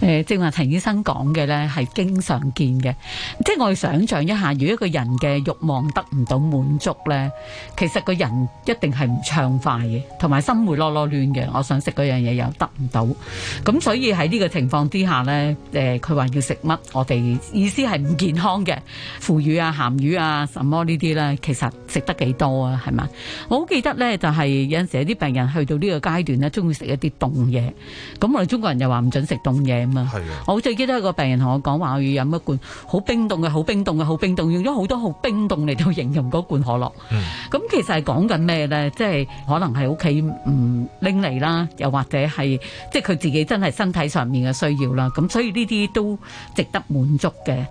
誒，正話陳醫生講嘅咧，係經常見嘅。即係我哋想象一下，如果一個人嘅欲望得唔到滿足咧，其實個人一定係唔暢快嘅，同埋心會囉囉攣嘅。我想食嗰樣嘢又得唔到，咁所以喺呢個情況之下咧，誒，佢話要食乜，我哋意思係唔健康嘅腐乳啊、鹹魚啊、什麼呢啲咧，其實食得幾多啊？係嘛，我好記得咧，就係有陣時有啲病人去到呢個階段咧，中意食一啲凍嘢。咁我哋中國人又話唔准食凍嘢。係啊！我最記得一個病人同我講話，我要飲一罐好冰凍嘅，好冰凍嘅，好冰凍，用咗好多好冰凍嚟到，形容嗰罐可樂。咁其實係講緊咩呢？即係可能係屋企唔拎嚟啦，又或者係即係佢自己真係身體上面嘅需要啦。咁所以呢啲都值得滿足嘅。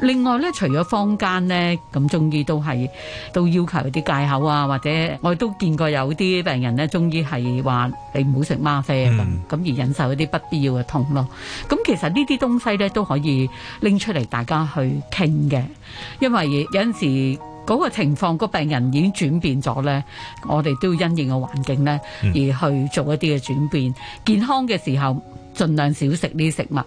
另外咧，除咗坊間咧，咁中醫都係都要求啲戒口啊，或者我都見過有啲病人咧，中醫係話你唔好食嗎啡啊嘛，咁而忍受一啲不必要嘅痛咯。咁其實呢啲東西咧都可以拎出嚟大家去傾嘅，因為有陣時嗰個情況個病人已經轉變咗咧，我哋都要因應個環境咧而去做一啲嘅轉變。健康嘅時候，盡量少食呢食物，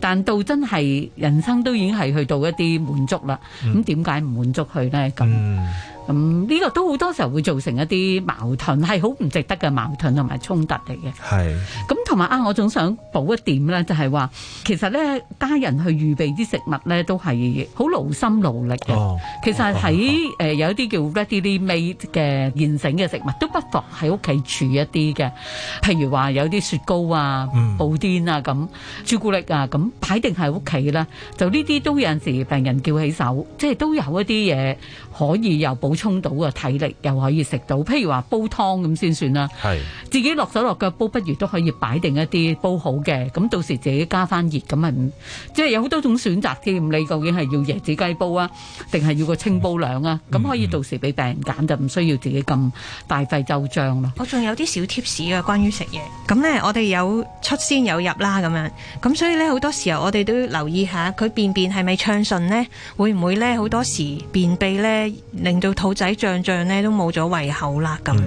但到真係人生都已經係去到一啲滿足啦。咁點解唔滿足佢咧？咁咁呢個都好多時候會造成一啲矛盾，係好唔值得嘅矛盾同埋衝突嚟嘅。係咁。同埋啊，我仲想補一點咧，就係、是、話其實咧，家人去預備啲食物咧，都係好勞心勞力嘅。Oh, oh, oh, oh. 其實喺誒、呃、有一啲叫 ready made 嘅現成嘅食物，都不妨喺屋企儲一啲嘅。譬如話有啲雪糕啊、布甸啊咁、朱古、mm. 力啊咁擺定喺屋企啦。Mm. 就呢啲都有陣時病人叫起手，即、就、係、是、都有一啲嘢可以又補充到嘅體力，又可以食到。譬如話煲湯咁先算啦，係、mm. 自己落手落腳煲，不如都可以擺。定一啲煲好嘅，咁到時自己加翻熱，咁咪即係有好多種選擇添。你究竟係要椰子雞煲啊，定係要個清煲涼啊？咁可以到時俾病人揀，就唔需要自己咁大費周章咯。我仲有啲小貼士啊，關於食嘢。咁呢，我哋有出先有入啦，咁樣。咁所以呢，好多時候我哋都要留意下佢便便係咪暢順呢？會唔會呢？好多時便秘呢，令到肚仔脹脹呢都冇咗胃口啦。咁、嗯、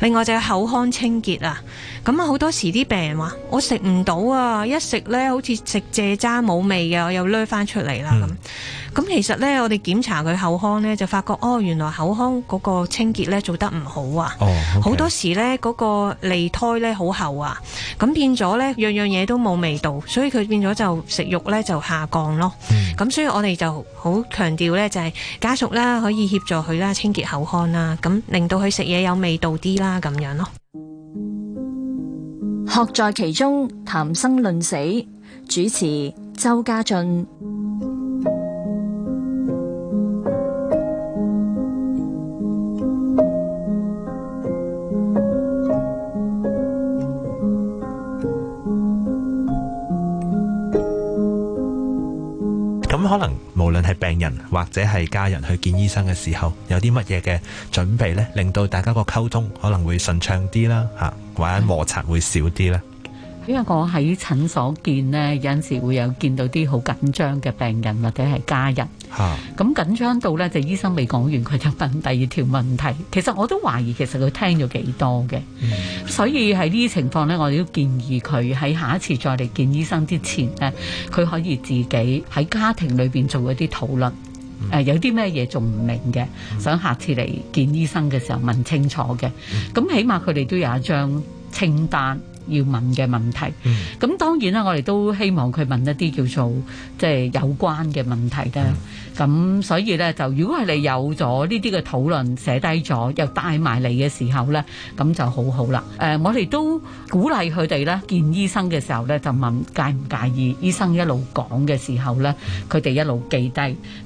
另外就係口腔清潔啊，咁啊好多時啲病。我食唔到啊！一食呢好似食蔗渣冇味嘅，我又掠翻出嚟啦咁。咁、嗯、其實呢，我哋檢查佢口腔呢，就發覺哦，原來口腔嗰個清潔呢做得唔好啊。好、哦 okay、多時呢，嗰、那個脷苔呢好厚啊，咁變咗呢，樣樣嘢都冇味道，所以佢變咗就食慾呢就下降咯。咁、嗯、所以我哋就好強調呢，就係、是、家屬啦可以協助佢啦清潔口腔啦，咁令到佢食嘢有味道啲啦，咁樣咯。學在其中，談生論死，主持周家俊。病人或者係家人去見醫生嘅時候，有啲乜嘢嘅準備呢，令到大家個溝通可能會順暢啲啦，嚇，或者摩擦會少啲啦。因為我喺診所見呢，有陣時會有見到啲好緊張嘅病人或者係家人，咁、啊、緊張到呢，就醫生未講完，佢就問第二條問題。其實我都懷疑，其實佢聽咗幾多嘅，嗯、所以喺呢啲情況呢，我哋都建議佢喺下一次再嚟見醫生之前呢，佢可以自己喺家庭裏邊做一啲討論，誒、嗯呃、有啲咩嘢仲唔明嘅，嗯、想下次嚟見醫生嘅時候問清楚嘅，咁、嗯、起碼佢哋都有一張清單。要問嘅問題，咁當然啦，我哋都希望佢問一啲叫做即係有關嘅問題咧。咁所以咧，就如果係你有咗呢啲嘅討論，寫低咗又帶埋嚟嘅時候咧，咁就好好啦。誒，我哋都鼓勵佢哋咧，見醫生嘅時候咧就問介唔介意，醫生一路講嘅時候咧，佢哋一路記低。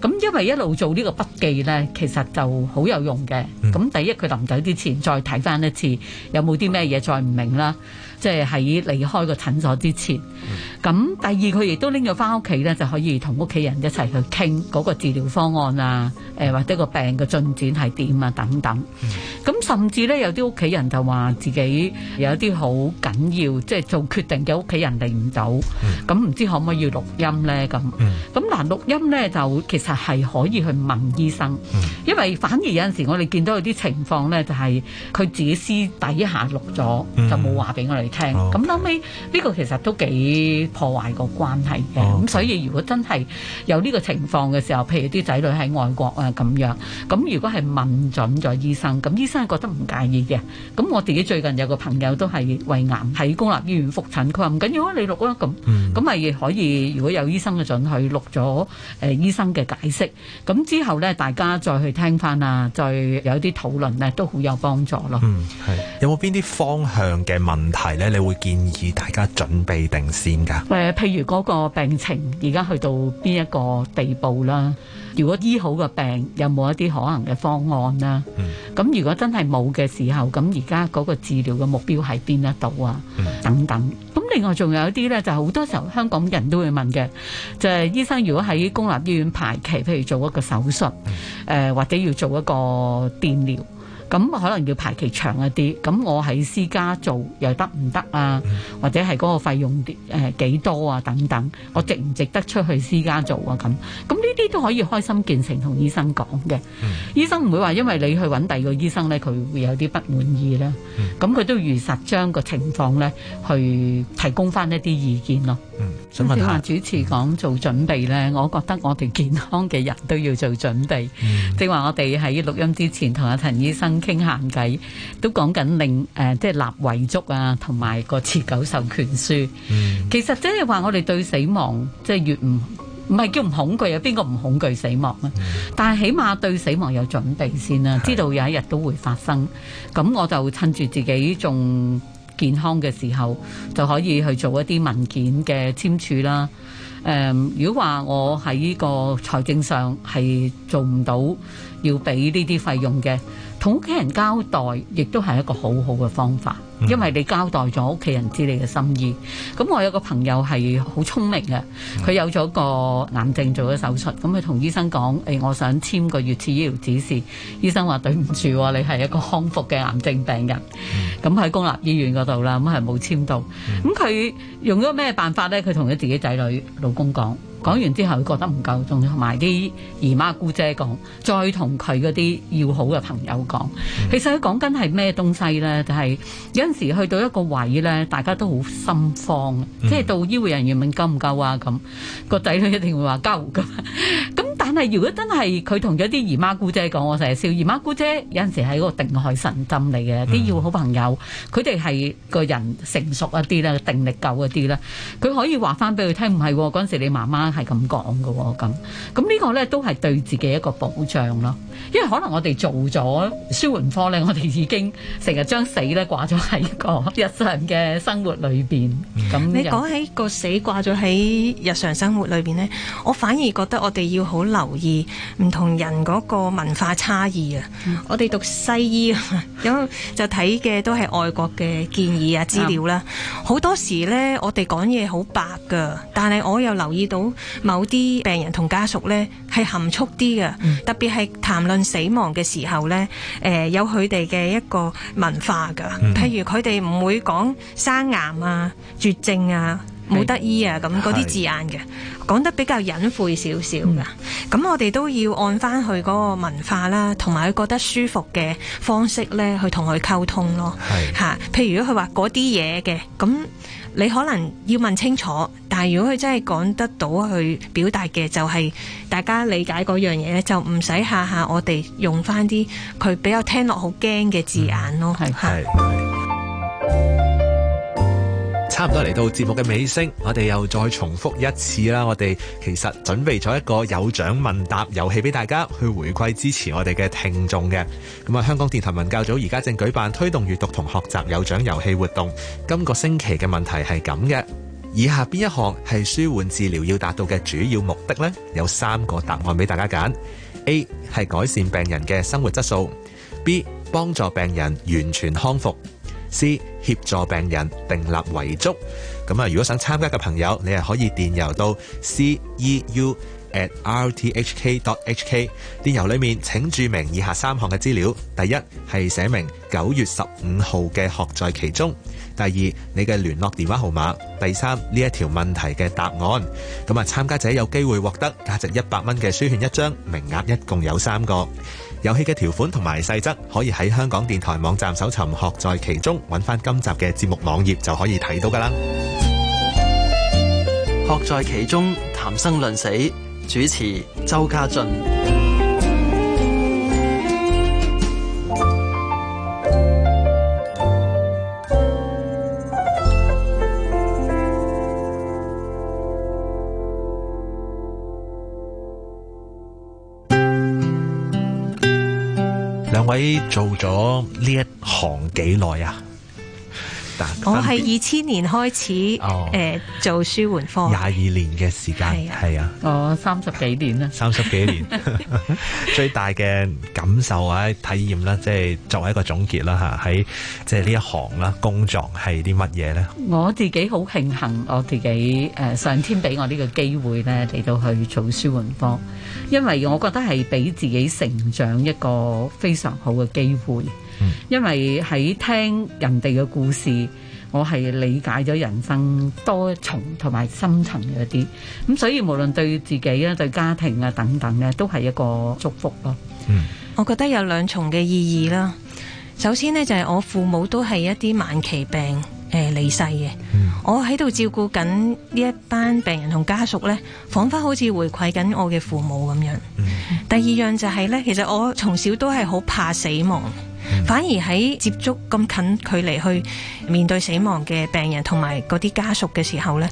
咁因為一路做呢個筆記咧，其實就好有用嘅。咁第一，佢臨走之前再睇翻一次，有冇啲咩嘢再唔明啦。即係喺離開個診所之前，咁、嗯、第二佢亦都拎咗翻屋企咧，就可以同屋企人一齊去傾個治療方案啊，誒或者個病嘅進展係點啊等等。咁、嗯、甚至咧有啲屋企人就話自己有啲好緊要，即、就、係、是、做決定嘅屋企人嚟唔到，咁唔、嗯、知可唔可以錄音咧？咁咁嗱錄音咧就其實係可以去問醫生，嗯、因為反而有陣時我哋見到有啲情況咧，就係佢自己私底下錄咗，就冇話俾我哋。嗯聽咁後尾呢個其實都幾破壞個關係嘅，咁所以如果真係有呢個情況嘅時候，譬如啲仔女喺外國啊咁樣，咁如果係問準咗醫生，咁醫生覺得唔介意嘅，咁我自己最近有個朋友都係胃癌喺公立醫院復診，佢話唔緊要啊，你錄啊咁，咁咪可以如果有醫生嘅准許錄咗誒醫生嘅解釋，咁之後呢大家再去聽翻啊，再有啲討論呢都好有幫助咯。嗯，係有冇邊啲方向嘅問題咧？咧，你會建議大家準備定先噶？誒，譬如嗰個病情而家去到邊一個地步啦？如果醫好嘅病，有冇一啲可能嘅方案啦？咁如果真係冇嘅時候，咁而家嗰個治療嘅目標係邊一度啊？等等。咁另外仲有一啲咧，就好多時候香港人都會問嘅，就係醫生如果喺公立醫院排期，譬如做一個手術，誒或者要做一個電療。咁可能要排期長一啲，咁我喺私家做又得唔得啊？或者係嗰個費用誒幾多啊？等等，我值唔值得出去私家做啊？咁咁呢啲都可以開心見誠同醫生講嘅，醫生唔會話因為你去揾第二個醫生咧，佢會有啲不滿意咧。咁佢都如實將個情況咧，去提供翻一啲意見咯。咁正話主持講做準備咧，我覺得我哋健康嘅人都要做準備。正話我哋喺錄音之前同阿陳醫生。傾閒偈都講緊令誒，即係立遺囑啊，同埋個持久授權書。其實即係話，我哋對死亡即係越唔唔係叫唔恐懼啊。邊個唔恐懼死亡啊？但係起碼對死亡有準備先啦，知道有一日都會發生。咁我就趁住自己仲健康嘅時候，就可以去做一啲文件嘅簽署啦。誒，如果話我喺呢個財政上係做唔到要俾呢啲費用嘅。同屋企人交代，亦都係一個好好嘅方法，因為你交代咗屋企人知你嘅心意。咁我有個朋友係好聰明嘅，佢有咗個癌症做咗手術，咁佢同醫生講，誒、哎、我想簽個預設醫療指示。醫生話對唔住，你係一個康復嘅癌症病人。咁喺公立醫院嗰度啦，咁係冇簽到。咁佢用咗咩辦法咧？佢同咗自己仔女老公講。講完之後，佢覺得唔夠，仲同埋啲姨媽姑姐講，再同佢嗰啲要好嘅朋友講。嗯、其實佢講緊係咩東西呢？就係、是、有陣時去到一個位呢，大家都好心慌，嗯、即係到醫護人員問夠唔夠啊，咁，噉個仔女一定會話夠噶。咁、 嗯但係如果真係佢同咗啲姨媽姑姐講，我成日笑姨媽姑姐有陣時係嗰個定海神針嚟嘅，啲要好朋友，佢哋係個人成熟一啲啦，定力夠一啲啦，佢可以話翻俾佢聽，唔係嗰陣時你媽媽係咁講嘅，咁咁呢個咧都係對自己一個保障咯，因為可能我哋做咗紓緩科咧，我哋已經成日將死咧掛咗喺個日常嘅生活裏邊。咁你講起個死掛咗喺日常生活裏邊咧，我反而覺得我哋要好留留意唔同人嗰個文化差異啊！Mm. 我哋讀西醫咁 就睇嘅都係外國嘅建議啊資料啦。好、mm. 多時咧，我哋講嘢好白噶，但係我又留意到某啲病人同家屬咧係含蓄啲嘅，mm. 特別係談論死亡嘅時候咧，誒、呃、有佢哋嘅一個文化噶。譬如佢哋唔會講生癌啊、絕症啊。冇得醫啊！咁嗰啲字眼嘅講是得比較隱晦少少噶，咁、嗯、我哋都要按翻佢嗰個文化啦，同埋佢覺得舒服嘅方式咧，去同佢溝通咯。係吓是、啊，譬如如果佢話嗰啲嘢嘅，咁你可能要問清楚。但係如果佢真係講得到去表達嘅，就係大家理解嗰樣嘢咧，就唔使下下我哋用翻啲佢比較聽落好驚嘅字眼咯。係、嗯是差唔多嚟到節目嘅尾聲，我哋又再重複一次啦。我哋其實準備咗一個有獎問答遊戲俾大家去回饋支持我哋嘅聽眾嘅。咁啊，香港電台文教組而家正舉辦推動閱讀同學習有獎遊戲活動。今個星期嘅問題係咁嘅，以下邊一項係舒緩治療要達到嘅主要目的呢？有三個答案俾大家揀：A 係改善病人嘅生活質素；B 幫助病人完全康復。C 協助病人訂立遺囑。咁啊，如果想參加嘅朋友，你係可以電郵到 ceu at rthk dot hk，電郵裏面請注明以下三項嘅資料：第一係寫明九月十五號嘅學在其中；第二你嘅聯絡電話號碼；第三呢一條問題嘅答案。咁啊，參加者有機會獲得價值一百蚊嘅書券一張，名額一共有三個。遊戲嘅條款同埋細則可以喺香港電台網站搜尋「學在其中」，揾返今集嘅節目網頁就可以睇到㗎啦。學在其中，談生論死，主持周家俊。喺做咗呢一行幾耐啊？我係二千年開始誒、哦、做舒緩科，廿二年嘅時間係啊，啊我三十幾年啦，三十幾年 最大嘅感受或者體驗啦，即係作為一個總結啦吓，喺即係呢一行啦工作，係啲乜嘢咧？我自己好慶幸我自己誒，上天俾我呢個機會咧嚟到去做舒緩科。因為我覺得係俾自己成長一個非常好嘅機會，嗯、因為喺聽人哋嘅故事，我係理解咗人生多重同埋深層嘅一啲，咁所以無論對自己啊、對家庭啊等等咧，都係一個祝福咯。嗯、我覺得有兩重嘅意義啦。首先呢，就係我父母都係一啲晚期病。誒，離、欸、世嘅，嗯、我喺度照顧緊呢一班病人同家屬呢，仿佛好似回饋緊我嘅父母咁樣。嗯、第二樣就係呢，其實我從小都係好怕死亡，嗯、反而喺接觸咁近距離去面對死亡嘅病人同埋嗰啲家屬嘅時候呢，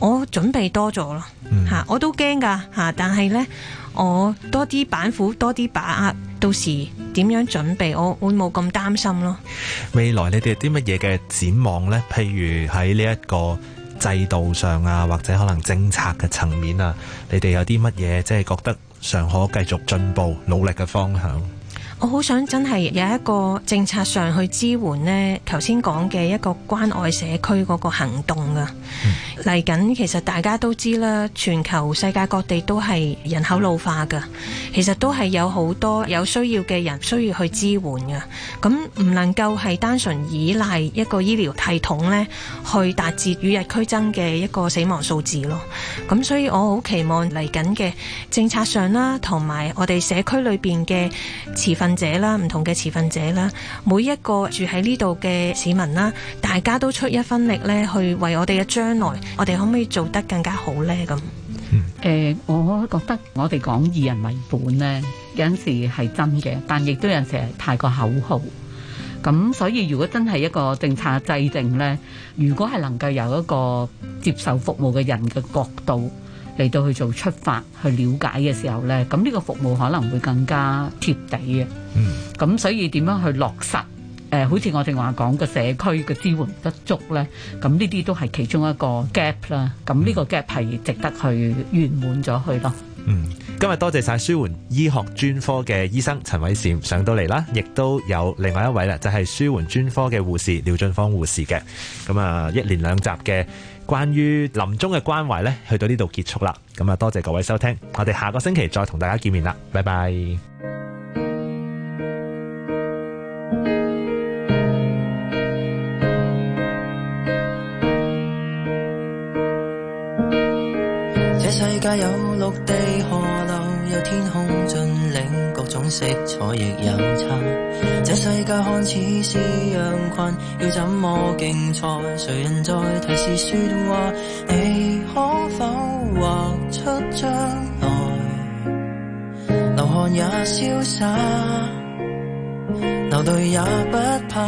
我準備多咗咯，吓、嗯啊、我都驚㗎吓，但係呢，我多啲板斧，多啲把握。到時點樣準備，我會冇咁擔心咯。未來你哋有啲乜嘢嘅展望呢？譬如喺呢一個制度上啊，或者可能政策嘅層面啊，你哋有啲乜嘢即係覺得尚可繼續進步努力嘅方向？我好想真係有一個政策上去支援咧，頭先講嘅一個關愛社區個行動啊！嚟緊、嗯、其實大家都知啦，全球世界各地都係人口老化噶其實都係有好多有需要嘅人需要去支援噶咁唔能夠係單純依賴一個醫療系統咧，去達至與日俱增嘅一個死亡數字咯。咁所以我好期望嚟緊嘅政策上啦，同埋我哋社區裏邊嘅持份。者啦，唔同嘅持份者啦，每一個住喺呢度嘅市民啦，大家都出一分力咧，去為我哋嘅將來，我哋可唔可以做得更加好呢？咁、嗯，誒、呃，我覺得我哋講以人為本呢，有陣時係真嘅，但亦都有陣時係太過口號。咁所以如果真係一個政策制定呢，如果係能夠由一個接受服務嘅人嘅角度。嚟到去做出發去了解嘅時候呢，咁呢個服務可能會更加貼地嘅。嗯，咁所以點樣去落實？誒、呃，好似我哋話講嘅社區嘅支援不足呢，咁呢啲都係其中一個 gap 啦。咁呢個 gap 係值得去圓滿咗去咯。嗯，今日多謝晒紓緩醫學專科嘅醫生陳煒嬋上到嚟啦，亦都有另外一位啦，就係、是、紓緩專科嘅護士廖進芳護士嘅。咁啊，一連兩集嘅。關於臨終嘅關懷呢，去到呢度結束啦。咁啊，多謝各位收聽，我哋下個星期再同大家見面啦，拜拜。這世界看似是羊羣，要怎麼競賽？誰人在提示説話？你可否畫出將來？流汗也瀟灑，流淚也不怕。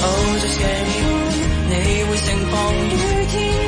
Olympic Games，你會盛放於天。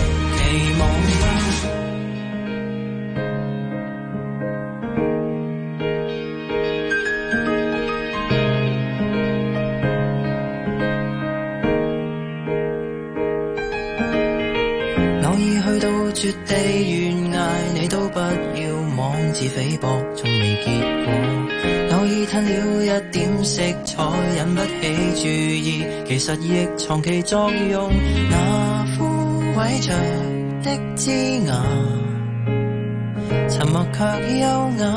絕地懸崖，你都不要妄自菲薄，從未結果。偶爾添了一點色彩，引不起注意，其實亦藏其作用。那枯萎着的枝芽，沉默卻優雅，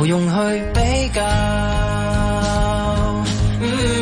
無用去比較。